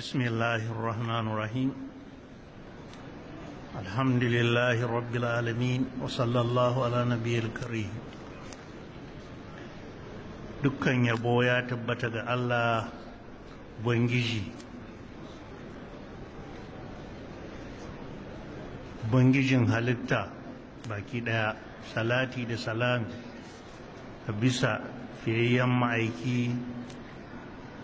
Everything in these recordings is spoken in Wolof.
بسم الله الرحمن الرحيم الحمد لله رب العالمين وصلى الله على نبي الكريم dukkan yabo ya tabbata ga Allah Ubangiji Ubangijin halitta baki daya salati da salami bisa fiyayyen ma'aiki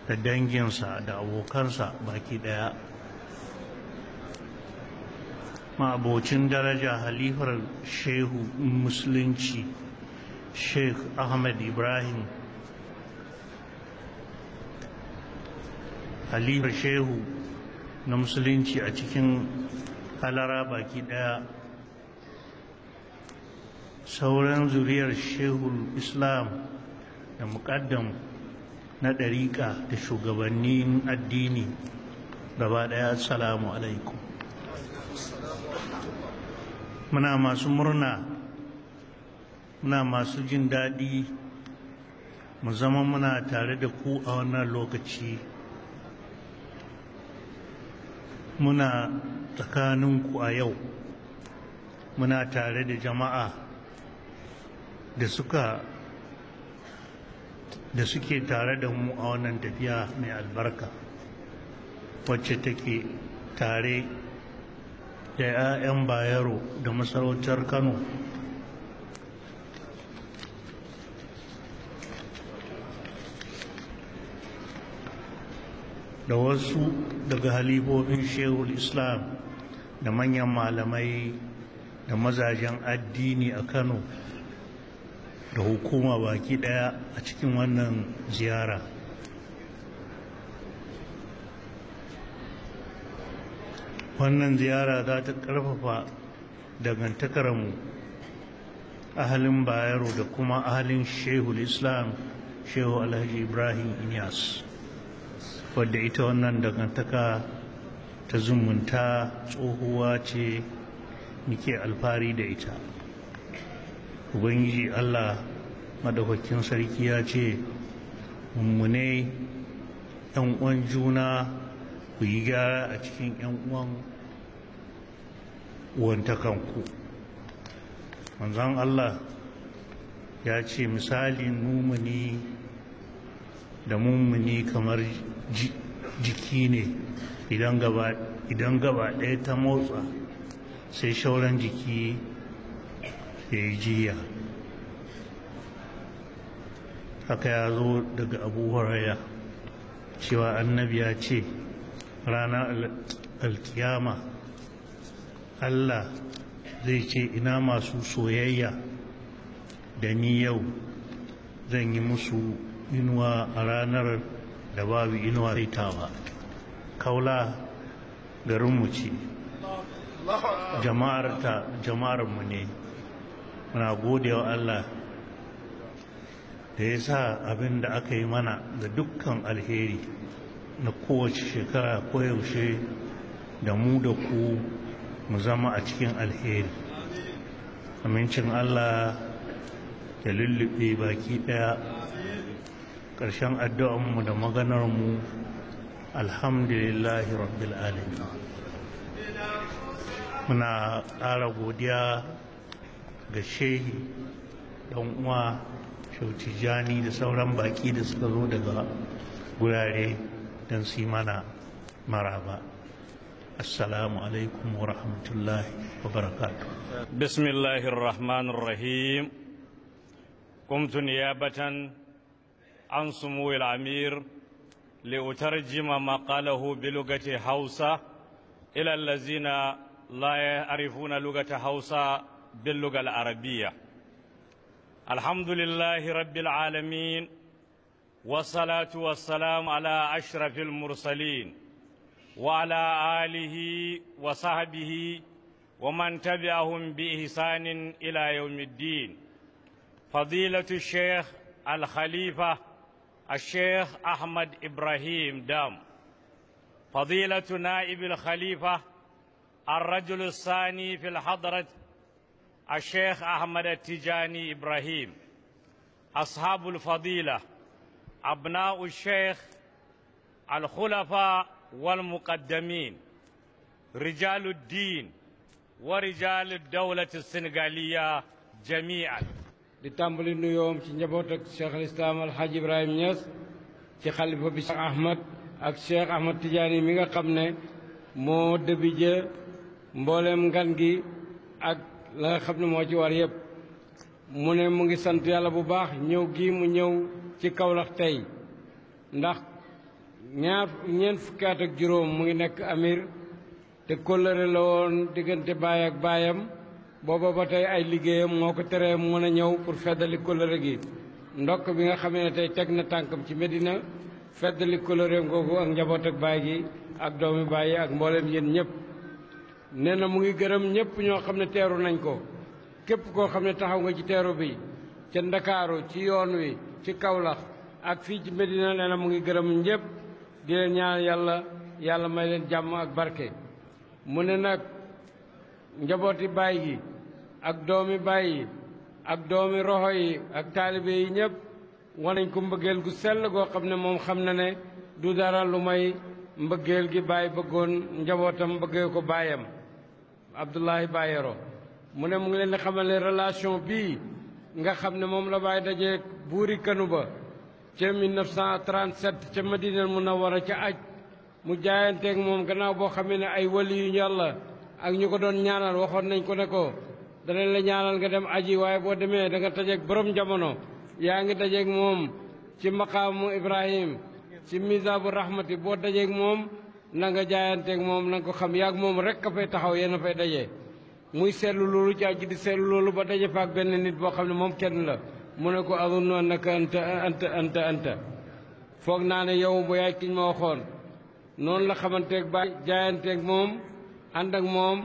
da danginsa da abokansa baki daya ma'abocin daraja halifar shehu musulunci sheikh ahmad ibrahim halifar shehu na musulunci a cikin halara baki daya sauran zuriyar shehul islam da muƙaddam na ɗariƙa da shugabannin addini gaba ɗaya salamu alaikum muna masu murna muna masu jin daɗi mu zama muna tare da ku a wannan lokaci muna tsakaninku a yau muna tare da jama'a da suka da suke tare da mu a wannan tafiya mai albarka wacce take tare da 'ya'yan bayero da masarautar kano da wasu daga halifofin shehul islam da manyan malamai da mazajen addini a kano da hukuma baki daya a cikin wannan ziyara wannan ziyara za ta karfafa dangantakarmu ahalin bayero da kuma ahalin shehul islam shehu alhaji ibrahim inyas wadda ita wannan dangantaka ta zumunta tsohuwa ce muke alfari da ita ubangiji allah madaukakin sarki ya ce mummune yan uwan juna ku yi gyara a cikin yan uwan wantakanku manzon allah ya ce misalin mumuni da mummuni kamar jiki ne idan gaba ɗaya ta motsa sai shauran jiki Yayi haka ya zo daga abu huraiya cewa annabi ya ce Rana alkiyama allah zai ce ina masu soyayya da ni yau zan yi musu inuwa a ranar da babu inuwa raitawa kaula garinmu ce mu ne muna gode wa Allah da ya sa abin da aka yi mana da dukkan alheri na kowace shekara koyaushe da mu da ku mu zama a cikin alheri amincin Allah ya lullube baki ɗaya ƙarshen addu'anmu da maganarmu alhamdulillahi rabbil alamin muna ƙara godiya da shehi dan uwa shautijani da sauran baƙi da suka zo daga gurare don su yi mana maraba assalamu alaikum wa rahmatullahi wa barakatu bismillahir rahmanir rahim قمت نيابة عن سمو الأمير لأترجم ما قاله بلغة حوسة إلى الذين لا يعرفون لغة حوسة باللغة العربية الحمد لله رب العالمين والصلاة والسلام على أشرف المرسلين وعلى آله وصحبه ومن تبعهم بإحسان إلى يوم الدين فضيلة الشيخ الخليفة الشيخ أحمد إبراهيم دام فضيلة نائب الخليفة الرجل الثاني في الحضرة الشيخ أحمد التجاني إبراهيم أصحاب الفضيلة أبناء الشيخ الخلفاء والمقدمين رجال الدين ورجال الدولة السنغالية جميعا di tàmbali nuyoom ci njaboot ak cheikh al islam alxaaj ibrahim Niass ci xalifa bi cheikh ahmad ak cheikh ahmad tidiane mi nga xam ne moo dëbije mbooleem ngan gi ak la nga xam ne moo ci war yëpp mu ne mu ngi sant yàlla bu baax ñëw gii mu ñëw ci Kaolack tey ndax ñaar ñeent fukki ak juróom mu ngi nekk amir te kóllëre la woon diggante baay ak baayam booba ba tey ay liggéeyam moo ko teree mën a ñëw pour feddali kóllëre gi ndokk bi nga xamee ne tey teg na tànkam ci Medina feddali kóllëreem googu ak njaboot ak baay gi ak doomi baay yi ak mbooleem yéen ñëpp nee mu ngi gërëm ñepp ño xamne ne nañ ko képp ko xamne taxaw nga ci bi ci ndakaaru ci yoon wi ci kaawlax ak fi ci Medina nee mu ngi gërëm ñepp di leen ñaan yalla yalla may leen jamm ak barké mu ne nak njabooti baay gi ak doomi baay yi ak doomi roxo yi ak talibé yi ñepp wonañ ko mbëggeel gu sell go xamne mom xamna du dara lu may gi baay bëggoon njabootam bëggee ko baayam Abdoulaye Bayero mu ne mu ngi leen di xamal ne relation bii nga xam ne moom la Baye dajeek buuri kanu ba ca 1937 ca Madinal Munawara ca aj mu jaayanteeg moom gannaaw boo xamee ne ay wali yu la ak ñu ko doon ñaanal waxoon nañ ko ne ko danañ la ñaanal nga dem aji waaye boo demee da nga dajeeg borom jamono yaa ngi dajeeg moom ci maqaamu Ibrahim ci misaabu rahmati boo dajeeg moom nanga nga jaayanteeg moom na nga ko xam yaag moom rek ka taxaw yéen a fay daje. muy seetlu loolu ci àjj di seetlu loolu ba daje faak benn nit boo xam ne moom kenn la mu ne ko azunnu annaka anta anta anta anta foog naa ne yow bu yaay kiñ ma waxoon noonu la xamanteeg baay jaayanteeg moom ànd ak moom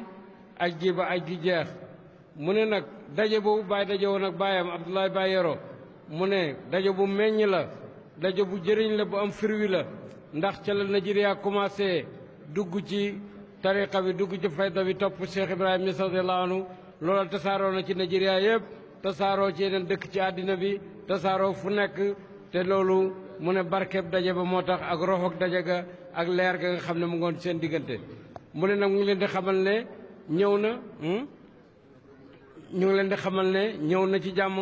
aj gi ba aj gi jeex mu ne nag daje boobu baay daje woon ak baayam Abdoulaye Baay Yoro mu ne daje bu meññ la daje bu jëriñ la bu am firwi la ndax ca la Nigeria commencé dugg ci tariqa bi dugg ci fayda bi topp Cheikh Ibrahima Niass radiyallahu anhu loola tasaaroo na ci Nigeria yëpp tasaaroo ci yeneen dëkk ci àddina bi tasaaroo fu nekk te loolu mu ne barkeb daje ba moo tax ak roxoog daje ga ak leer ga nga xam ne mu ngoon seen diggante mu ne nag mu ngi leen di xamal ne ñëw na hmm? ñu ngi leen di xamal ne ñëw na ci jàmm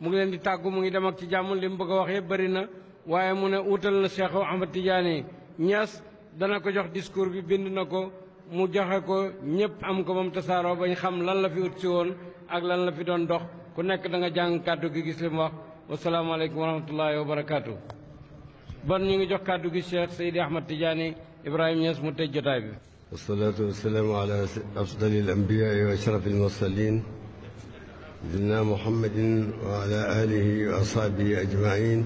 mu ngi leen di tàggu mu ngi dem ak ci jàmm li mu bëgg a wax yëpp bari na waaye mu ne utal na Cheikh Ahmad Tidiane Niass dana ko jox discours bi bind na ko mu joxe ko ñëpp am ko moom tasaaroo bañ xam lan la fi ut si woon ak lan la fi doon dox ku nekk da nga jàng kàddu gi gis li mu wax wasalaamaaleykum wa rahmatullahi wa barakaatu. bon ñu ngi jox kàddu gi Cheikh Seydi Ahmad Tidiane Ibrahima Niass mu tëj jotaay bi. والصلاة والسلام على أفضل الأنبياء وأشرف المرسلين سيدنا محمد وعلى آله وأصحابه أجمعين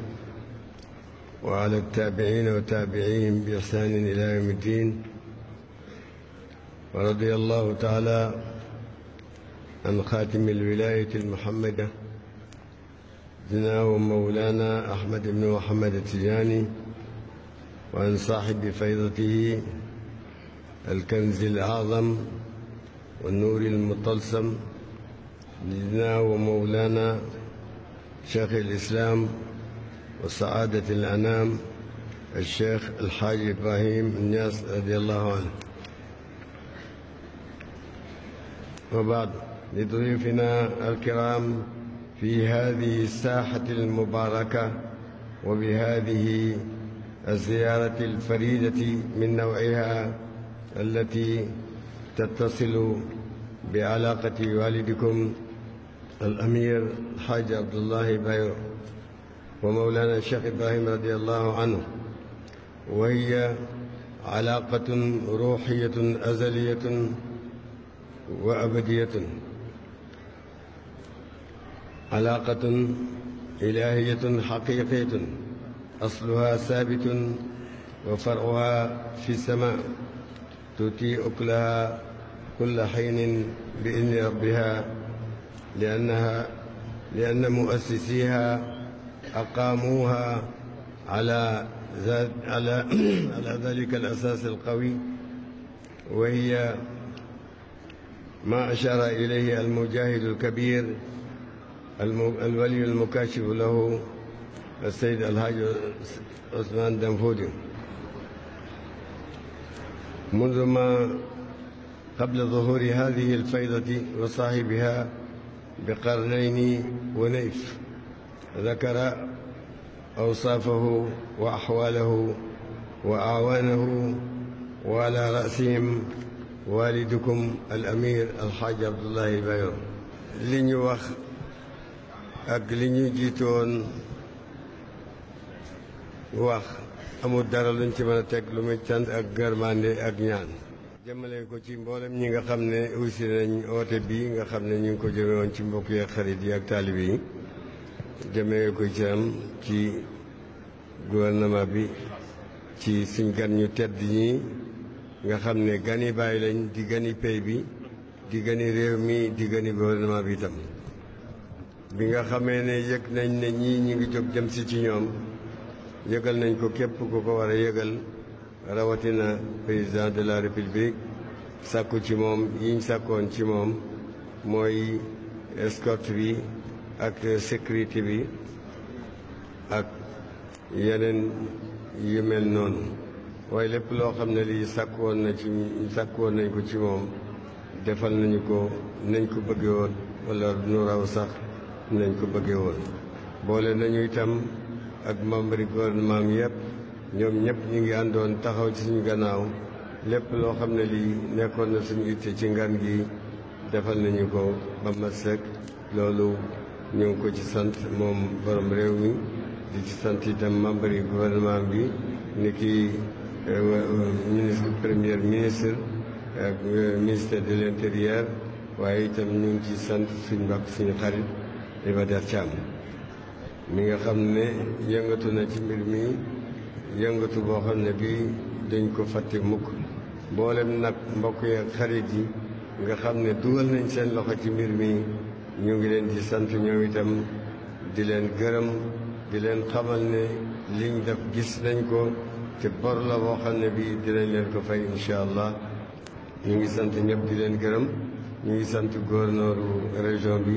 وعلى التابعين وتابعيهم بإحسان إلى يوم الدين ورضي الله تعالى عن خاتم الولاية المحمدة سيدنا ومولانا أحمد بن محمد التجاني وعن صاحب فيضته الكنز الأعظم والنور المطلسم سيدنا ومولانا شيخ الإسلام وسعادة الأنام الشيخ الحاج إبراهيم الناس رضي الله عنه وبعد لضيوفنا الكرام في هذه الساحة المباركة وبهذه الزيارة الفريدة من نوعها التي تتصل بعلاقة والدكم الأمير الحاج عبد الله بايرو ومولانا الشيخ إبراهيم رضي الله عنه وهي علاقة روحية أزلية وأبدية علاقة إلهية حقيقية أصلها ثابت وفرعها في السماء تؤتي أكلها كل حين بإذن ربها لأنها لأن مؤسسيها أقاموها على على على ذلك الأساس القوي وهي ما أشار إليه المجاهد الكبير الولي المكاشف له السيد الحاج عثمان دنفودي منذ ما قبل ظهور هذه الفيضة وصاحبها بقرنين ونيف ذكر أوصافه وأحواله وأعوانه وعلى رأسهم والدكم الأمير الحاج عبد الله البير لني وخ أك لني جيتون وخ أمو الدار اللي من تك لمتشان أك جرماني أك نيان جمالي كو تيم بولم نيغا خمني وسيرين أوتي بي نيغا خمني نيغا جمعون تيم بوكي أخري دي أك تالي بي jëme ko ci am ci gouvernement bi ci siñ gan ñu tedd ñii nga xam ne gani bàyyi lañ di gani pay bi di gani réew mi di gani gouvernement bi tam bi nga xamee ne yëg nañ ne ñii ñi ngi jóg jëm si ci ñoom yëgal nañ ko képp ku ko war a yëgal rawatina président de la république sàkku ci moom yiñ sàkkoon ci moom mooy escorte bi ak sécurité bi ak yeneen yu mel noonu waaye lépp loo xam ne lii sàkkuwoon na ci sàkkuwoon nañ ko ci moom defal nañu ko nañ ko bëggee woon wala nu raw sax nañ ko bëggee woon boole nañu itam ak membre gouvernement mi yëpp ñoom ñëpp ñu ngi àndoon taxaw ci suñu gannaaw lépp loo xam ne lii nekkoon na suñu itte ci ngan gi defal nañu ko ba mat sëkk loolu ñoo ko ci sant moom borom réew mi di ci sant itam membre yi gouvernement bi ni ki eh, ministre premier ministre ak eh, ministère de l'intérieur waaye itam ñu ngi ci sant suñu mbokk suñu xarit Ibader Thiam mi nga xam ne yëngatu na ci mbir mi yëngatu boo xam ne bii dañ ko fàtte mukk mboolem nag mbokk yi ak xarit yi nga xam ne dugal nañ seen loxo ci mbir mii ñu ngi leen di sant ñoom itam di leen gërëm di leen xamal ne liñ def gis nañ ko te bor la boo xam ne bi dinañ leen ko fay incha allah ñu ngi sant ñëpp di leen gërëm ñu ngi sant gouverneur région bi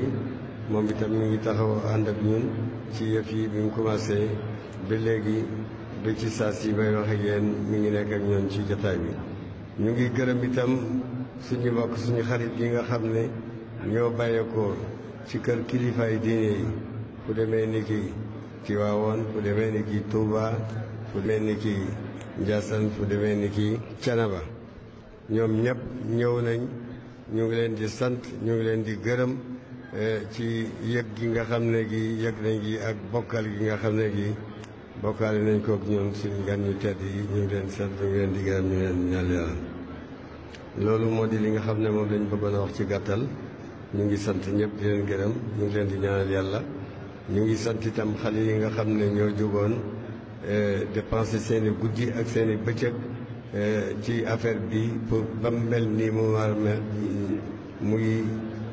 moom itam ñu ngi taxaw ànd ak ñun ci yëf yi bi mu commencé ba léegi ba ci saas yi may wax ak yéen mi ngi nekk ak ñoom ci jataay bi ñu ngi gërëm itam suñu mbokk suñu xarit yi nga xam ne ñoo bàyyeekoo ci kër kilifaay diine yi fu demee ni ki Tiwaawoon fu demee ni ki Tuuba fu demee ni ki Njaasaan fu demee ni ki Canaba ñoom ñëpp ñëw nañ ñu ngi leen di sant ñu ngi leen di gërëm eh, ci yëg gi nga xam ne gi yëg nañ gi ak bokkal gi nga xam ne gi bokkaale nañ kook ñoom si gan ñu tedd yi ñu ngi leen di sant ñu ngi leen di gërëm ñu leen ñal yàlla loolu moo di li nga xam ne moom lañ bëggoon a wax ci gàttal ñu ngi sant ñëpp di leen gërëm ñu ngi leen di ñaanal yàlla ñu ngi sant itam xale yi nga xam ne ñoo jógoon eh, dépensé seen i guddi ak seen i bëccëg eh, ci affaire bi pour ba mel nii mu war muy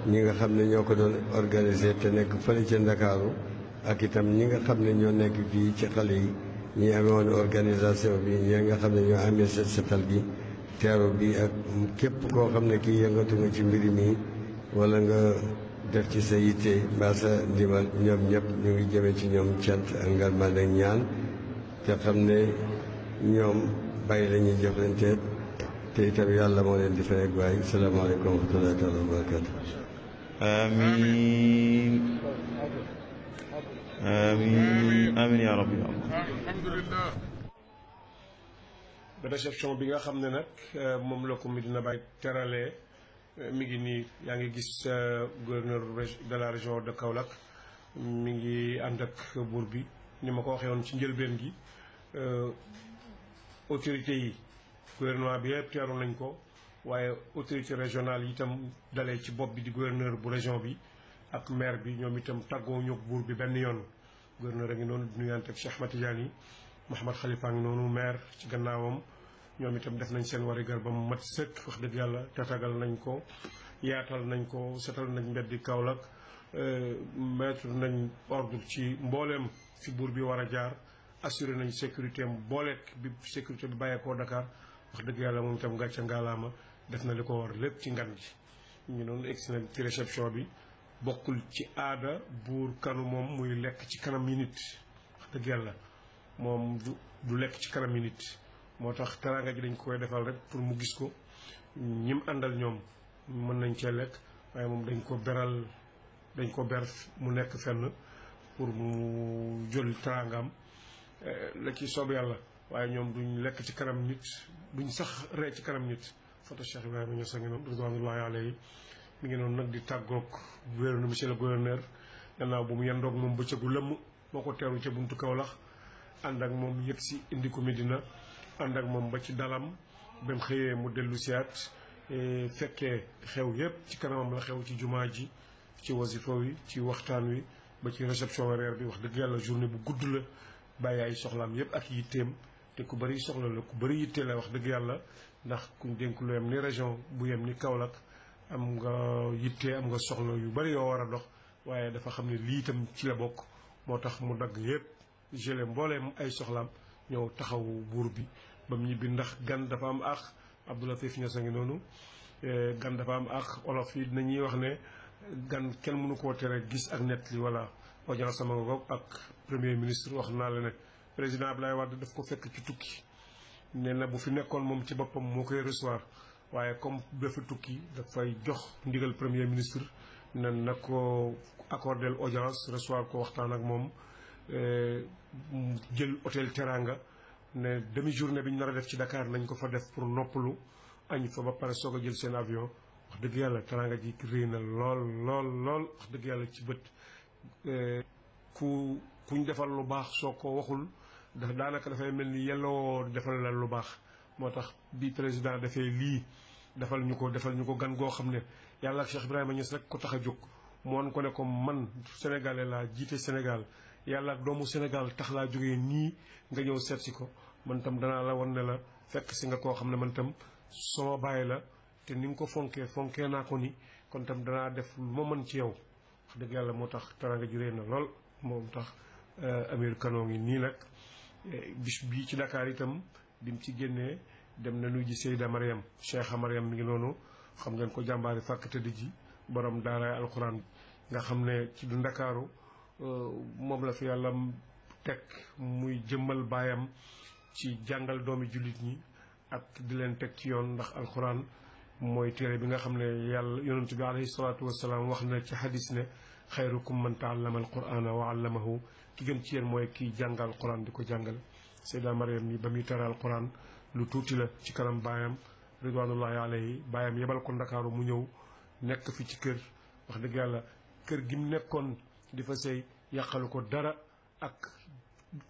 ñi nga xam ne ñoo ko doon organisé te nekk fële ca Ndakaaru ak itam ñi nga xam ne ñoo nekk fii ci xale yi ñii amee woon organisation bi ñi nga xam ne ñoo amee set setal bi teeru bi ak képp koo xam ne kii yëngatu nga ci mbir mi wala nga def ci sa yitte mbaa sa ndimbal ñoom ñëpp ñu ngi jëme ci ñoom cant ak ngarmaan ak ñaan te xam ne ñoom bàyyi la ñuy jëflante te itam yàlla moo leen di fay ak waay salaamaaleykum wa rahmatullahi taala wa barakatu amiin amiin amiin yaa rabbi alhamdulillah réception bi nga xam ne nag euh, moom la ko Medina Baye teralee mi ngi nii yaa ngi gis euh, gouverneur de la région de Kaolack mi ngi ànd ak buur bi ni ma ko waxee woon ci njëlbeen gi euh, autorité yi gouvernement bi yëpp teeru nañ ko waaye autorité régionale yi itam dalee ci bopp bi di gouverneur bu région bi ak maire bi ñoom itam tàggoo ñëw buur bi benn yoon gouverneur a ngi noonu di nuyante ak Cheikh Ahmed Tidiane yi Mouhamed Khalifa a ngi noonu maire ci gannaawam ñoom itam def nañ seen wari gar ba mu mat sëkk wax dëgg yàlla tatagal nañ ko yaatal nañ ko setal nañ mbeddi Kaolack euh, mettre nañ ordre ci mbooleem fi buur bi war a jaar assuré nañ sécurité am booleek bi sécurité bi bàyyeekoo dakaar wax dëgg yàlla moom itam gàcce ngaalaama def na li ko war lépp ci ngan gi ñu noonu egsi nañ ci réception bi bokkul ci aada buur kanu moom muy lekk ci kanam yi nit wax dëgg yàlla moom du du lekk ci kanam yi nit motax teranga ji dañ koy defal rek pour mu gis ko ñim andal ñom mën nañ ci lekk waye mom dañ ko beral dañ ko ber mu nekk fenn pour mu jël tangam eh, la ci soob yalla waye ñom duñ lekk ci karam nit duñ sax ree ci karam nit foto cheikh ibrahim ñu sangi noonu ridwanullahi alayhi mi ngi non nak di tàggoog gouverneur monsieur le gouverneur gannaaw bu mu yandok mom bëccëgu lëmm moo ko teeru buntu kawlax ànd ak moom indi ko medina andak mom ba ci dalam bam xeye mu delu siat e fekke xew yeb ci kanamam la xew ci jumaa ji ci wasifa wi ci waxtan wi ba ci réception reer bi wax deug yàlla journée bu gudd la bàyyi ay soxlaam yépp ak yitem te ku bari soxla la ku bari yitte la wax deug yàlla ndax ku dénk lu yem ni région bu yem ni kaolak am nga yitte am nga soxla yu bari yo wara dox waye dafa xamni li tam ci la bok motax mu dag yeb jële mbooleem ay soxlam ñëw taxawu bur bi ba mu ñibbi ndax gan dafa am àq Abdou Latif Niass a ngi noonu eh, gan dafa am àq olof yi dinañuy wax ne gan kenn mënu koo tere gis ak nett li voilà audience sama nga ko ak premier ministre wax naa la ne président Abdoulaye Wade daf ko fekk ci tukki nee na bu fi nekkoon moom ci boppam moo koy recevoir waaye comme dafa tukki dafay jox ndigal premier ministre nan na ko accordel audience recevoir ko waxtaan ak moom eh, jël hôtel Teranga ne demi journée bi ñu nar a def ci Dakar nañ ko fa def pour noppalu añ fa ba pare soog a jël seen avion wax dëgg yàlla teraanga ji réy na lool lool lool wax dëgg yàlla ci bët eh, ku kuñ defal lu baax soo ko waxul ndax daanaka dafay mel ni yelloo defal la lu baax moo tax bi président dafee lii defal ñu ko defal ñu ko gan goo xam ne yàlla ak Cheikh Ibrahima Niass rek ko tax a jóg moon ko ne ko man Sénégalais laa jiite Sénégal yàlla doomu Sénégal tax laa jóge nii nga ñëw seet si ko man tam danaa la wan ne la fekk si nga koo xam ne man tam sama bàyyi la te ni nga ko fonkee fonkee naa ko ni kon tam danaa def lu ma mën ci yow wax dëgg yàlla moo tax teraanga ji na lool moom tax eh, Amir Kano ngi nii nag eh, bis bii ci Dakar itam bi mu ci génnee dem na nuyu ji Seyda Mariam Cheikha Mariam mi ngi noonu xam ngeen ko jàmbaari fàkk tëdd ji borom daaraay alxuraan nga xam ne ci du ndakaaru Euh, moom la fi yàlla teg muy jëmmal baayam ci jàngal doomi jullit ñi ak di leen teg ci yoon ndax alxuraan mooy tere bi nga xam ne yàlla yonent bi alayhi salaatu wasalaam wax na ci xadis ne xayrukum man taallama alqurana wa allamahu ki gën ci yéen mooy kiy jàngal alquran di ko jàngale sayda mariam yi ba muy tere alquran lu tuuti la ci kanam baayam ridwanullahi alayhi baayam yebal ko ndakaaru mu ñëw nekk fi ci kër wax dëgg yàlla kër gi mu nekkoon di fa sëy ko dara ak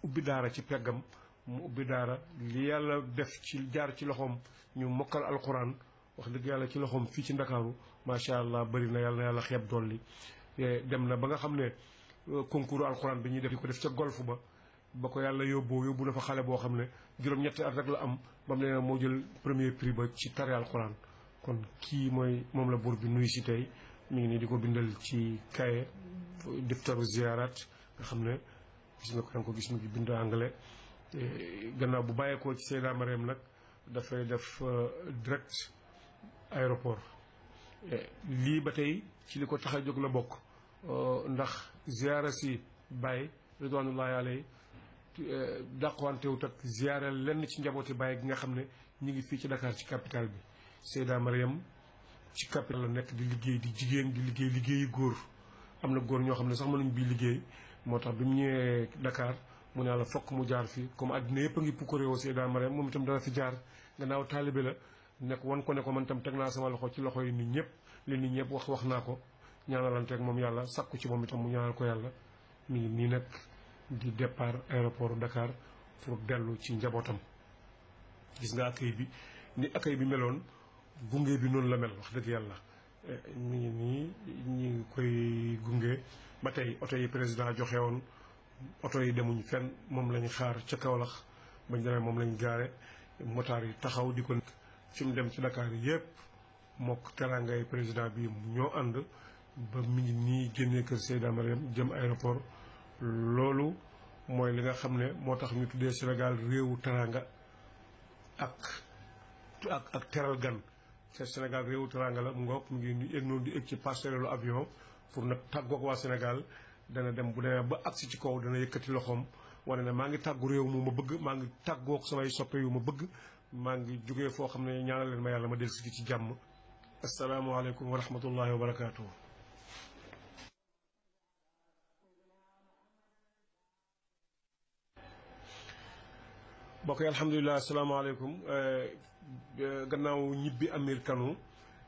ubbi dara ci pegam mu ubbi dara li yalla def ci jaar ci loxom ñu mokal alquran wax deug yalla ci loxom fi ci ma sha allah bari na yalla yalla xeb doli dolli eh, dem na ba nga xamne euh, concours alquran bi ñi def ko def ci golf ba ba ko yalla yobbo yobbu na fa xale bo xamne juroom rek la am bam ne jël premier prix ba ci tari alquran kon kii moy mom la buur bi nuy ci tay mi ngi bindal ci cahier diftaru ziyaaraat nga xam ne gis nga ko yaa ko gis mu ngi bind anglais gannaaw bu bàyyeekoo ci Seyda Mariam nag dafay def euh, direct aéroport lii ba tey ci li ko tax a jóg la bokk euh, ndax ziyaara si Baye ridwanullahi alayhi euh, dàqwantewut ak ziyaara lenn ci njabooti Baye gi nga xam ne ñu ngi fii ci Dakar ci capital bi Seyda Mariam ci capital la nekk di liggéey di jigéen di liggéey liggéeyu góor am na góor ñoo xam ne sax mënuñ bi liggéey moo tax bi mu ñëwee Dakar mu ne yàlla fokk mu jaar fi comme addina yëpp a ngi pukkare aussi Seyda Mariam moom itam dara fi jaar gannaaw taalibe la nekk wan ko ne ko man itam teg naa sama loxo ci loxo yi nii ñëpp li nit ñëpp wax wax naa ko ñaanalanteeg moom yàlla sàkku ci moom itam mu ñaanal ko yàlla mu ngi nii nag di départ aéroport Dakar pour dellu ci njabootam gis nga accueil bi ni accueil bi meloon gunge bi noonu la mel dëgg yàlla mi ngi nii ñi ngi koy gunge ba tey oto yi président joxe woon oto yi demuñ fenn moom lañ xaar ca Kaolack bañ demee moom lañ gaare motaar yi taxaw di ko fi mu dem ci Dakar yépp mook terangay président bi ñoo ànd ba mi ngi nii génnee kër Seyda Mariam jëm aéroport loolu mooy li nga xam ne moo tax ñu tuddee Sénégal réewu teranga ak ak ak teral gan te Sénégal réewu teranga la mu ngoog mu ngi ñu egg noonu ci parcellu avion pour nag tàggoog waa Sénégal dana dem bu demee ba agsi ci kaw dana yëkkati loxoom wane ne maa ngi tàggu réew mu ma bëgg maa ngi tàggoog samay soppe yu ma bëgg maa ngi jugee foo xam ne ñaanal leen ma yàlla ma dellusi ci jàmm. asalaamaaleykum wa rahmatullahi wa barakaatu. mbokk yi alhamdulilah asalaamaaleykum. Eh, Euh, gannaaw ñibbi Amir Kano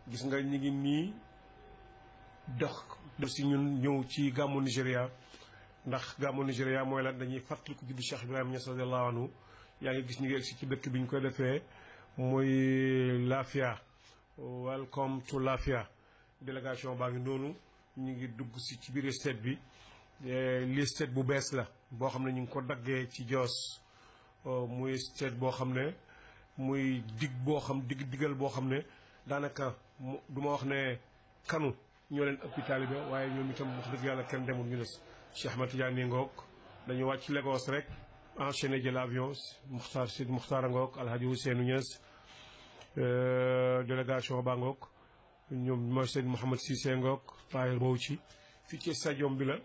gis nga ñu ngi nii dox si ñun ñëw ci gàmmu Nigéria ndax gàmmu Nigéria mooy lan dañuy fàttaliku juddu Cheikh Ibrahima Niass radiyallahu yaa ngi gis ñu ngi egsi ci dëkk bi ñu koy defee muy Lafia welcome to Lafia délégation baa ngi noonu ñu ngi dugg si ci biir stade bi eh, lii stade bu bees la boo xam ne ñu ngi ko daggee ci Jos oh, muy stade boo xam ne muy dig boo xam dig digal boo xam ne daanaka du ma wax ne kanu ñoo leen ëpp taalibe waaye ñoom itam wax dëgg yàlla kenn demul ñu des Cheikh Ahmed Tidiane ngoog dañu wàcc Lagos rek enchaîné jël avion Muxtaar Sid Muxtaar a ngoog Alhaji Ousseynou Niass euh, délégation ba ngoog ñoom mooy sëñ Mouhamed Cissé ngoog Tahir Mbow ci fii ci stadium bi la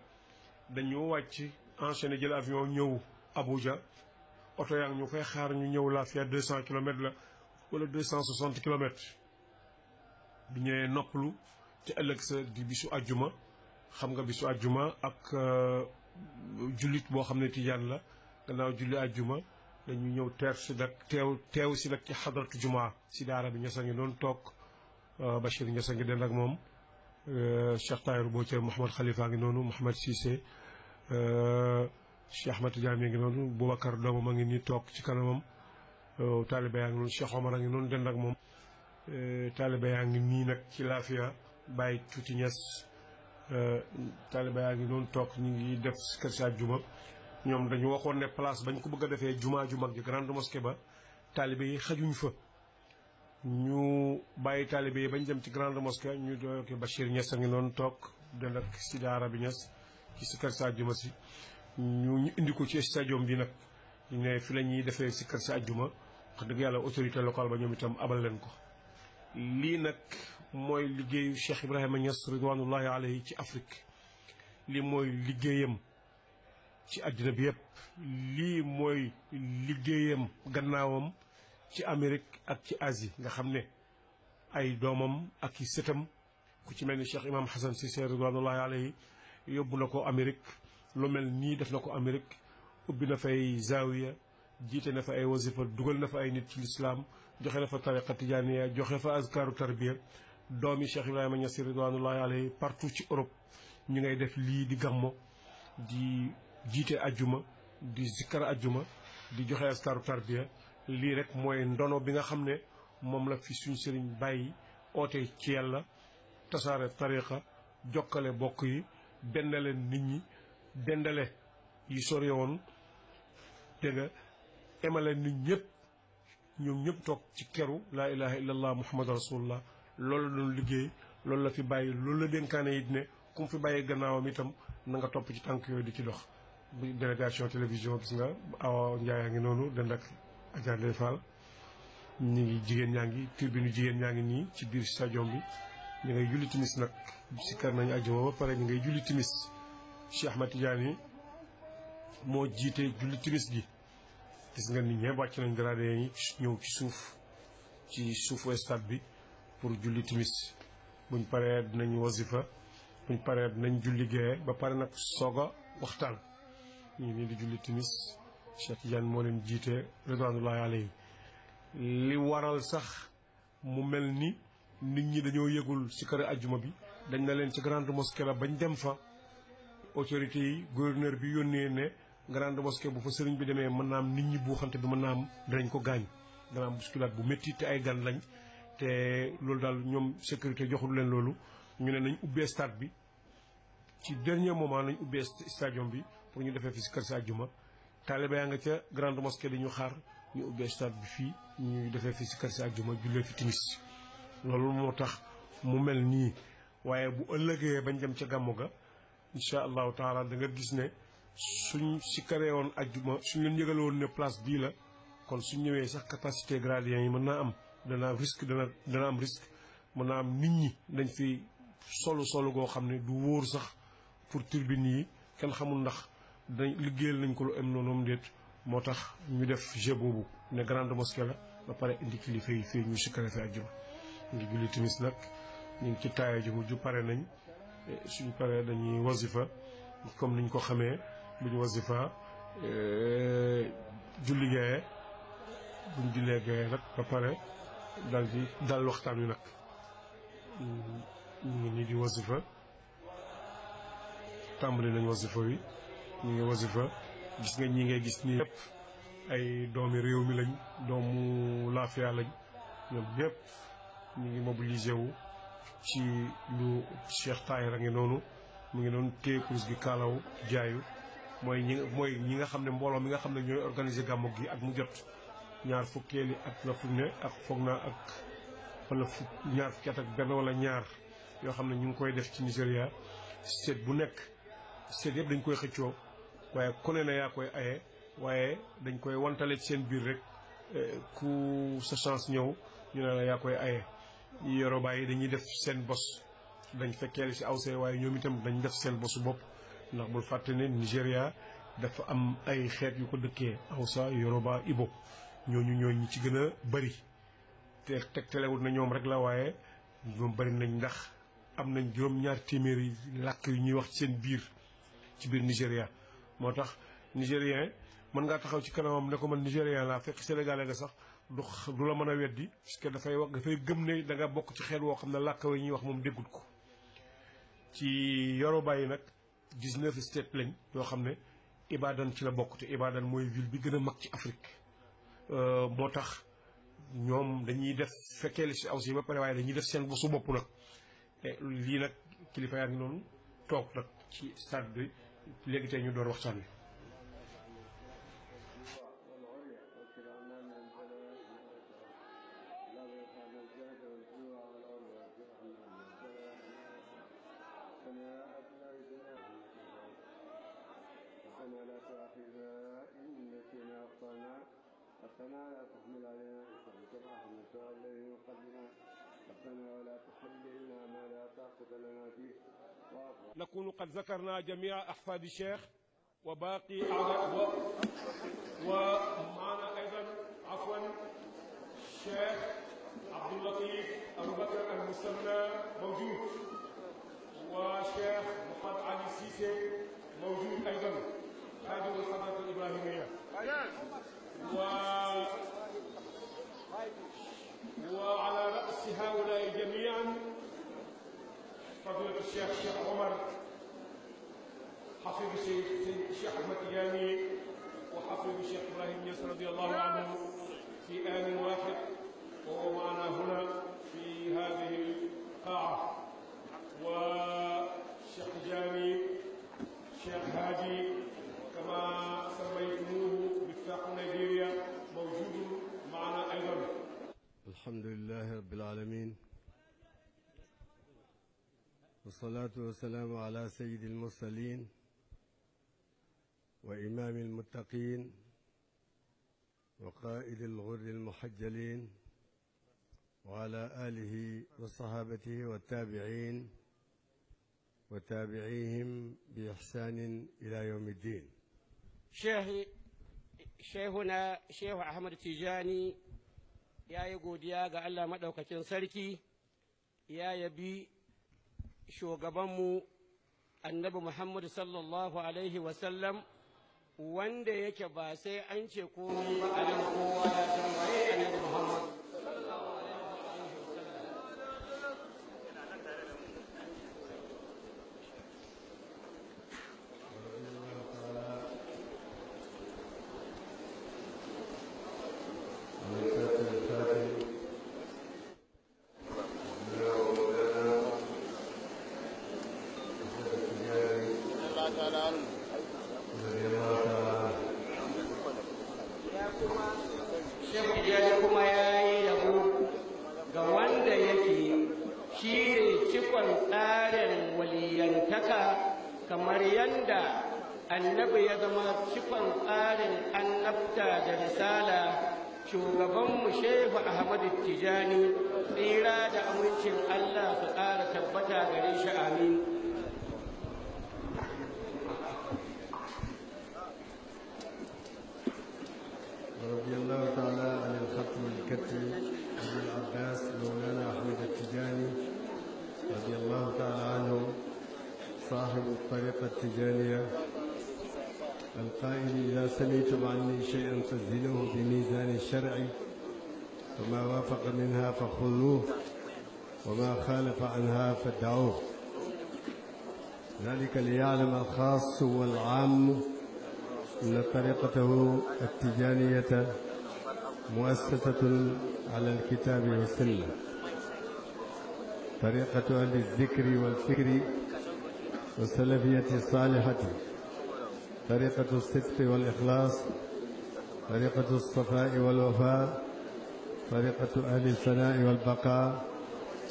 dañu wàcc enchaîné jël avion ñëw Abuja oto yaa ngi ñu koy xaar ñu ñëw Lafia deux cent kilomètres la wala deux cent soixante kilomètres bu ñëwee noppalu ci ëllëg sa di bisu àjjuma xam nga bisu àjjuma ak euh, jullit boo xam ne tijaan la gannaaw julli àjjuma dañu ñëw teer si nag teew teew si nag ci xadratu jumaa si daara bi ñasa ngi doon toog euh, Bachir ñasa ngi den ak moom euh, Cheikh boo Bocce Mouhamed Khalifa ngi noonu Mouhamed Cissé Cheikh Ahmed Tidiane ngi noonu Boubacar doomam a ngi nii toog ci kanamam euh, taalibe yaa ngi noonu Cheikh Omar a ngi noonu dend ak moom euh, taalibe yaa ngi nii nag ci laafiya bàyyi tuuti ñes euh, taalibe yaa ngi noonu toog ñu ngi def kër si àjjuma ñoom dañu waxoon ne place bañ ko bëgg a defee jumaa ju mag ji grande mosquée ba taalibe yi xajuñ fa ñu bàyyi taalibe bañ dem ci grande mosquée ñu doyoke Bachir a ngi noonu toog dend si daara bi Niass ci si ñu ñu indi ko ci stadium bi nag ñu ne fi la ñuy defee kër sa ajjuma lu mel nii def na ko Amérique ubbi na fay ay jiite na fa ay wasifa dugal na fa ay nit ci lislaam joxe na fa tariqa tijaaniya joxe fa azkaaru tarbiya doomi Cheikh Ibrahima Niass ridwanullahi alayhi partout ci Europe ñu ngay def lii di gàmmo di jiite ajjuma di zikkar ajjuma di joxe azkaaru tarbiya lii rek mooy ndono bi nga xam ne moom la fi suñ sëriñ bàyyi oote ci yàlla tasaare tariqa jokkale bokk yi benn leen nit ñi dendale yi sore woon dégg nga emale nit ñëpp ñoom ñëpp toog ci keru laa ilaha illallah muhammad rasulullah loolu la doon liggéey loolu la fi bàyyi loolu la dénkaane it ne ku fi bàyyi gannaawam itam nanga topp ci tànk yooyu di ci dox bu délégation télévision gis nga awa njaayaa ngi noonu dend ak Adja Ndeye Fall ngi jigéen ñaa ngi tribune jigéen ñaa ngi nii ci biir stadium bi ñu ngay julli timis nag si kar nañu ajuma ba pare ñu julli timis Cheikh Ahmed Tidiane moo jiite julli timis gi gis nga nit ñëpp wàcc nañ gradé yi ñëw ci suuf ci suufu stade bi pour julli timis buñ paree dinañ wasifa buñ paree dinañ julli gee ba pare nag soog a waxtaan ñu nii di julli timis Cheikh Tidiane moo leen jiite ridwanullahi alayhi li waral sax mu mel ni nit ñi dañoo yëgul ci kër ajjuma bi dañ na leen ci grande mosquée la bañ dem fa autorité yi gouverneur bi yónnee ne grande mosquée bu fa sëriñ bi demee mën naa am nit ñi buuxante bi mën naa am danañ ko gaañ dana am bousculade bu métti te ay gan lañ te loolu daal ñoom sécurité joxul leen loolu ñu ne nañ ubbee stade bi ci dernier moment lañ ubbee stadium bi pour ñu defee fi si kër si àjjuma taaliba nga ca grande mosquée di ñu xaar ñu ubbee stade bi fii ñu defee fi si kër si àjjuma jullee fi timis loolu moo tax mu mel nii waaye bu ëllëgee bañ dem ca gàmmu ga incha allahu taala da gis ne suñ si karee woon ajjuma suñ leen yëgale woon ne place bii la kon suñ ñëwee sax capacité gradien yi mën naa am dana am risque dana dana am risque mën naa am nit ñi dañ fi solo solo goo xam ne du wóor sax pour turbine yi kenn xamul ndax dañ liggéeyal nañ ko lu am noonu déet moo tax ñu def jeu boobu ne grande mosquée la ba pare indi kilifa yi fii ñu si kare fi ajjuma ngi julli timis nag ñu ci taaya ji ju pare nañ suñ paree dañuy wasifa comme ni ñu ko xamee buñ wasifa euh, julli gaye buñ jullee gaye nag ba pare dal di dal waxtaan wi nag ñu ngi nii di wasifa tàmbali nañ wasifa wi ñu ngi wasifa gis nga ñi ngay gis nii yëpp ay doomi réew mi lañ doomu laafiya lañ ñoom ñëpp ñu ngi mobilisé wu ci lu Cheikh Tahir a ngi noonu mu ngi noonu téye kurus gi kaalaw jaayu mooy ñi mooy ñi nga xam ne mbooloo mi nga xam ne ñooy organiser gàmmu gi ak mu jot ñaar fukkeeli at la fu ne ak foog naa ak wala fu ñaar fukki ak benn wala ñaar yoo xam ne ñu ngi koy def ci Nigéria seet bu nekk seet yëpp dañ koy xëccoo waaye ku ne na yaa koy aye waaye dañ koy wantale ci seen biir rek eh, ku sa chance ñëw ñu ne la yaa koy aye yoro baye dañuy def seen boss dañ fekkeel ci awsé waaye ñoom itam dañ def seen bosu bopp ndax bul fàtte ne Nigeria dafa am ay xeet yu ko dëkkee awsa yoroba ibo ñooñu ñoo ñi ci gën a bëri te tegtalewul na ñoom rek la waaye ñoom bëri nañ ndax am nañ juróom ñaar téeméeri làkk yu ñuy wax ci seen biir ci biir Nigeria moo tax nigérien mën ngaa taxaw ci kanamam ne ko man nigérien laa fekk sénégalais nga sax du du la mën a weddi puisque dafay wax dafay gëm ne da nga bokk ci xel woo xam ne làkk wa ñuy wax moom déggut ko ci Yoruba yi nag 19 state lañ yoo xam ne Ibadan ci la bokk te Ibadan mooy ville bi gën a mag ci Afrique moo tax ñoom dañuy def fekkee li si aw si ba pare waaye dañuy def seen bosu bopp nag lii nag kilifa yaa ngi noonu toog nag ci stade bi léegi tey ñu door waxtaan wi لنا فيه نكون قد ذكرنا جميع أحفاد الشيخ وباقي أعضاء ومعنا أيضا عفوا الشيخ عبد اللطيف أبو بكر المسمى موجود والشيخ محمد علي السيسي موجود أيضا هذه الحضارة الإبراهيمية و... وعلى رأس هؤلاء جميعا فضيلة الشيخ الشيخ عمر حفيد الشيخ الشيخ أحمد تجاني وحفيد الشيخ إبراهيم ياسر رضي الله عنه في آن واحد وهو معنا هنا في هذه القاعة والشيخ جامي الشيخ هادي كما سميتموه مفتاح نيجيريا موجود معنا أيضا الحمد لله رب العالمين والصلاة والسلام على سيد المرسلين وإمام المتقين وقائد الغر المحجلين وعلى آله وصحابته والتابعين وتابعيهم بإحسان إلى يوم الدين شيخ شيخنا شيخ أحمد تيجاني يا يقود يا ga Allah maɗaukakin sarki ya yabi shugabanmu annabi Muhammadu sallallahu Alaihi wasallam wanda yake ba sai an ce komai ba a kowa ya Shehu Ahmadu التجاني tsira da amincin Allah su ƙara tabbata رضي الله تعالى عن الخطم الكتم أبو العباس مولانا أحمد التجاني رضي الله تعالى عنه صاحب الطريقة التجانية القائل إذا سمعتم عني شيئا في بميزان الشرع فما وافق منها فخذوه وما خالف عنها فادعوه ذلك ليعلم الخاص والعام أن طريقته التجانية مؤسسة على الكتاب والسنة طريقة أهل الذكر والفكر والسلفية الصالحة طريقة الصدق والإخلاص طريقة الصفاء والوفاء طريقة أهل الفناء والبقاء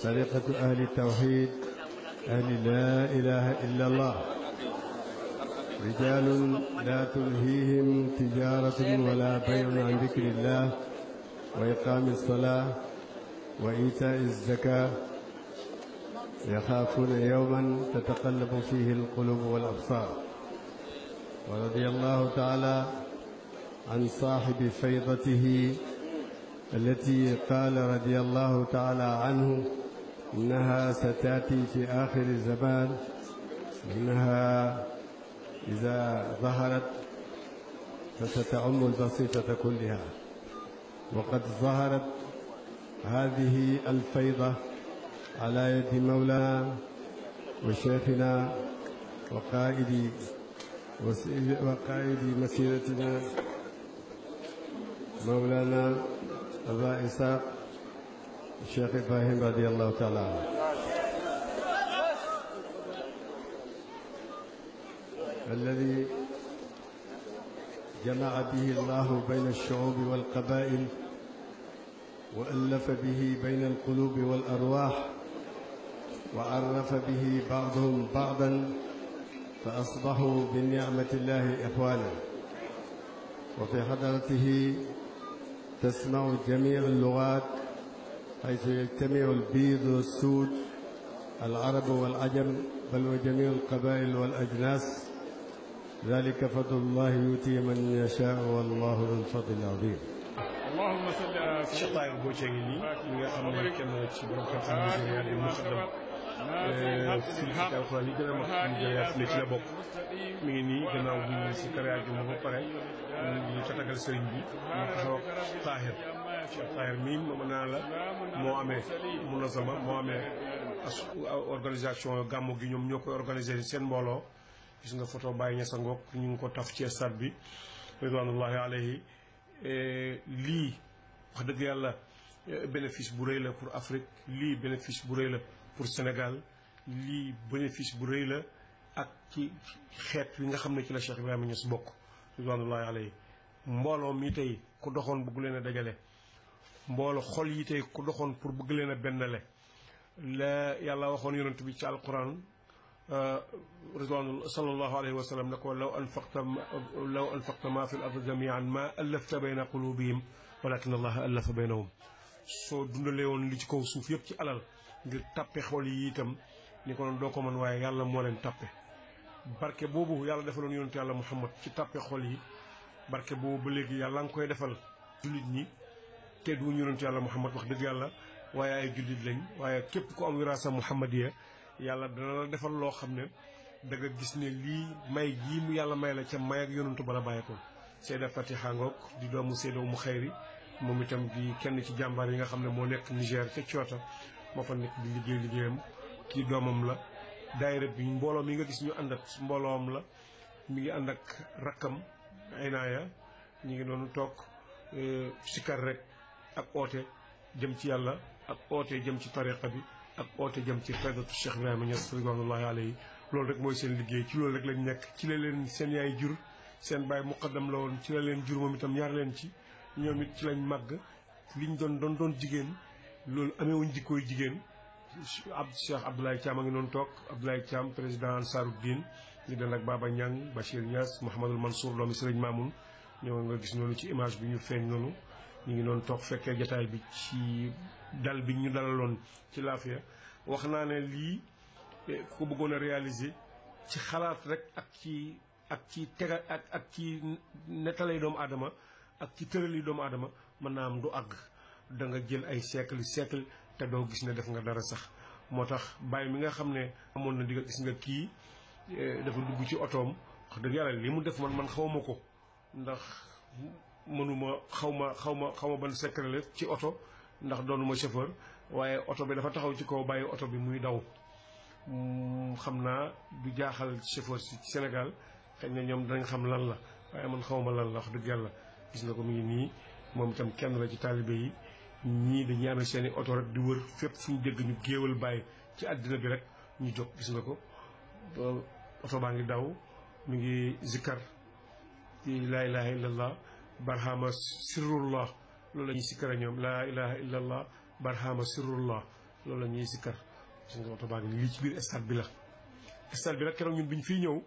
طريقة أهل التوحيد أهل لا إله إلا الله رجال لا تلهيهم تجارة ولا بيع عن ذكر الله وإقام الصلاة وإيتاء الزكاة يخافون يوما تتقلب فيه القلوب والأبصار ورضي الله تعالى عن صاحب فيضته التي قال رضي الله تعالى عنه إنها ستأتي في آخر الزمان إنها إذا ظهرت فستعم البسيطة كلها وقد ظهرت هذه الفيضة على يد مولانا وشيخنا وقائد وقائد مسيرتنا مولانا أبا إسحاق الشيخ إبراهيم رضي الله تعالى عنه الذي جمع به الله بين الشعوب والقبائل وألف به بين القلوب والأرواح وعرف به بعضهم بعضا فأصبحوا بنعمة الله إخوانا وفي حضرته تسمع جميع اللغات حيث يجتمع البيض والسود العرب والعجم بل وجميع القبائل والأجناس ذلك فضل الله يؤتي من يشاء والله ذو الفضل العظيم اللهم صل على سيدنا محمد Eh, si si alxuraan yi gën a bokk mi ngi nii gannaaw bi ñu si kër juma ba pare ñu tatagal sëriñ bi ñu taxaw taahir taahir mii mën naa la moo amee munazama moo amee organisation gàmmu gi ñoom ñoo koy organiser seen mbooloo gis nga photo Baye Niass ñu ngi ko taf ci stade bi ridwanullahi alayhi eh, lii wax dëgg yàlla eh, bénéfice bu rëy la pour Afrique lii bénéfice bu rëy la pour Sénégal lii bénéfice bu rëy la ak ci xeet wi nga xam ne ci la Cheikh Ibrahima Niass bokk ridwanullahi alayhi mbooloo mi tey ku doxoon bëgg leen a dajale mbooloo xol yi tey ku doxoon pour bëgg leen a bennale la yàlla waxoon yonent bi ci alquran ridwanu sallallahu alayhi wa sallam ne ko law anfaqta law anfaqta ma fi l ard jamian ma allafta bayna qulubihim walakin allaha allafa baynahum soo dundalee woon li ci kaw suuf yëpp ci alal ngir tappe xool yi itam ni ko noonu doo ko mën waaye yàlla moo leen tappe barke boobu yàlla defaloon yonent yàlla Muhammad ci tappe xool yi barke boobu ba léegi yàlla nga koy defal jullit ñi te du yonent yàlla Muhammad wax dëgg yàlla waaye ay jullit lañ waaye képp ku am wiraasa Muhammadiya yàlla dana la defal loo xam ne da gis ne lii may gii mu yàlla may la ca may ak yonantu bala bàyyeekoon. Seyda Fatiha Ngok di doomu Seyda mu xayri moom itam di kenn ci jàmbaar nga xam ne moo nekk Niger ca Coota moo fa nekk di liggéey liggéeyam kii doomam la daayira bi mbooloo mi nga gis ñu ànd ak am la mi ngi ànd ak rakkam aynaaya ñu ngi doon toog e, sikar rek ak oote jëm ci yàlla ak oote jëm ci tariqa bi ak oote jëm ci faydatu Cheikh Ibrahima Niass ridwanullahi alayhi loolu rek mooy seen liggéey ci loolu rek lañ nekk ci la leen seen yaay jur seen baay muqaddam la woon ci la leen jur itam yar leen ci ñoom it ci lañ màgg liñ doon doon doon jigéen loolu amewuñ jikkooy jigéen ab Cheikh Abdoulaye Thiam a ngi noonu toog Abdoulaye Thiam président Ansaroudine ñu dal ak Baba Niang Bachir Niass Mouhamadul Mansour doomi Sëriñ Mamoun ñoo nga gis noonu ci image bi ñu feeñ noonu ñu ngi doon toog fekkee jataay bi ci dal bi ñu dalaloon ci laafiya wax naa ne lii eh, ku bëggoon a réaliser ci xalaat rek ak ci ak ci tega ak ak ci nettalay doomu aadama ak ci tërali doomu aadama mën naa am du àgg da nga jël ay siècle siècle te doo gis ne def nga dara sax moo tax bàyyi mi nga xam ne amoon na di nga gis nga kii eh, dafa dugg ci otoom wax dëgg yàlla li mu def man man xawma ko ndax mënuma xaw ma xaw ma xaw ma ban secret la ci oto ndax doonuma chauffeur waaye oto bi dafa taxaw ci kaw bàyyi oto bi muy daw mm, xam naa du jaaxal chauffeur si Sénégal xëy na ñoom danañ xam lan la waaye man xawma lan la wax dëgg yàlla gis nga ko mu ngi nii moom itam kenn la ci taalibe yi ñii dañuy amee seeni oto rek di wër fépp fu ñu dégg ñu géewal bàyyi ci àddina bi rek ñu jox gis nga ko oto baa ngi daw mu ngi zikkar laa ilaha illallah barhama sirrullah loolu la ñuy sikkar ñoom laa ilaha illallah barhama sirrullah la ñuy sikkar gis nga oto baa ngi lii ci biir stade bi la stade bi nag keroog ñun biñ fii ñëw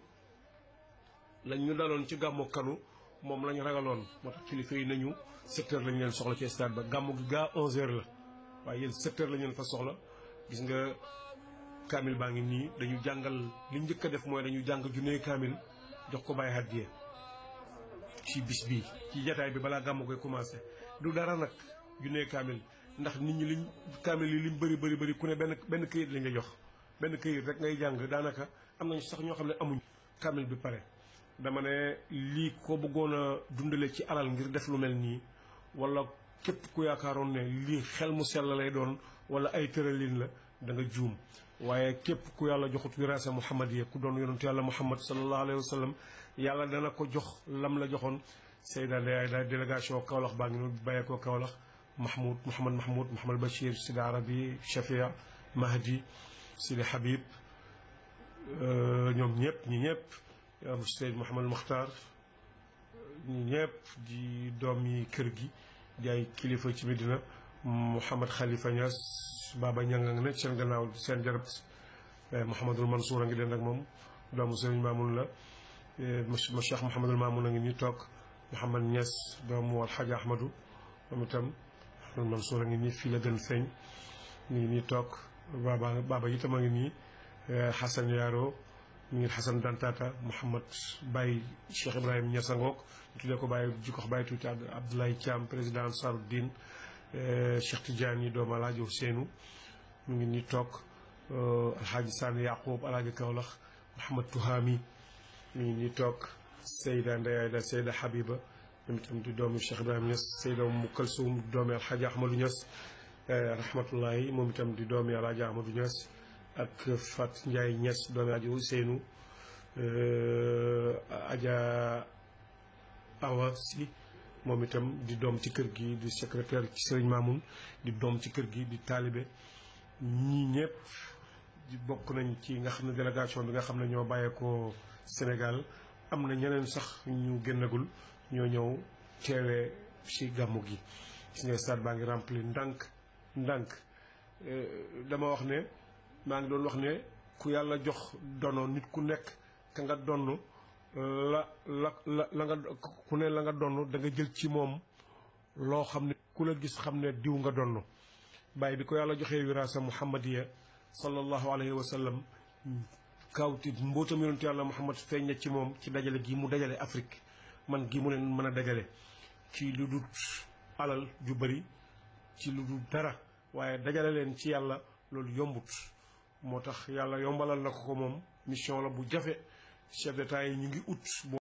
lañ ñu daloon ci gàmmu kanu moom la ñu ragaloon moo tax kilifa yi nañu secteur heures lañu leen soxla ci stade ba gàmmu gi gaa onze heures la waaye yéen sept heures lañu leen fa soxla gis nga kaamil baa ngi nii dañu jàngal li njëkk a def mooy dañu jàng junnee kaamil jox ko bàyyi hadiya ci bis bi ci jataay bi balaa gàmmu koy commencé du dara nag junnee kaamil ndax nit ñi liñ kaamil yi liñ bëri bëri bëri ku ne benn benn këyit lañ la jox benn këyit rek ngay jàng daanaka am nañ sax ñoo xam ne amuñ kaamil bi pare dama ne lii ko bëggoon a dundale ci alal ngir def lu mel nii wala képp ku yaakaaroon ne lii xel mu sell lay doon wala ay tëralin la da nga juum waaye képp ku yàlla joxut wiraasa muhammad yi ku doon yonentu yàlla muhammad sallallahu alayhi wa sallam yàlla dana ko jox lam la joxoon Seyda Ndeye Aida délégation Kaolack baa ngi nu bàyyeekoo Kaolack Mahmoud Mouhamad Mahmoud Mouhamad Bachir Sidi Arabi Chafia Mahdi Sidi Habib ñoom ñëpp ñi ñëpp am Seydi Mouhamed Mokhtar ñi ñëpp di doom yi kër gi di ay kilifa ci Medina Mouhamed Khalifa Niass Baba Ñang nag seen gannaaw seen jarab Mouhamadul Mansour a ngi den ak moom doomu Sëriñ Mamoun la ma Cheikh Mouhamadul Mamoun a ngi ñu toog Mouhamed Niass doomu Alxaaj Ahmadou moom itam Mouhamadul Mansour a ngi nii fii la gën feeñ ñu ngi nii toog Baba Baba itam a ngi nii Xasan Yaaro ñu ngi xasan dantata mouhamad bàyyi cheikh ibrahima ñasangook ñu tuddee ko bàyyi jikkox bàyyi tuuti abdoulaye thiam président sarudin cheikh tidiane yi doom alaaji huseenu ñu ngi ni toog alhaaji saan yaqub alaaji kawlax mouhamad touhami ñu ngi ni toog sayda ndeyayda sayda habiba ñoom itam di doomi cheikh ibrahima ñas sayda mu kalsum doomi alhaaji ahmadou ñas rahmatullahi moom itam di doomi alaaji ahmadou ñas ak Fat Ndiaye Niass doomi aji Ousseynou euh, Adja Awa Si moom itam di doom ci kër gi di secrétaire ci Serigne Mamoun di doom ci kër gi di taalibe ñii ñëpp bokk nañ ci nga xam ne délégation bi nga xam ne ñoo bàyyeekoo senegal am na ñeneen sax ñu génnagul ñoo ñëw teewee ci gàmmu gi gis nga stade baa ngi rempli ndànk ndànk euh, dama wax ne maa ngi doon wax ne ku yàlla jox dono nit ku nekk ka nga donn la la la la nga ku ne la nga donn da nga jël ci moom loo xam ne ku la gis xam ne diw nga donn bàyyi bi ko yàlla joxee wiraasa muhammadiya sallallahu alayhi wa sallam kawti mbootam yonentu yàlla muhammad feeñ na ci moom ci dajale gi mu dajale Afrique man gi mu leen mën a dajale ci lu dul alal ju bëri ci lu dul dara waaye dajale leen ci yàlla loolu yombut moo tax yàlla yombalal na ko ko moom mission la bu jafe chef d'état yi ñu ngi ut.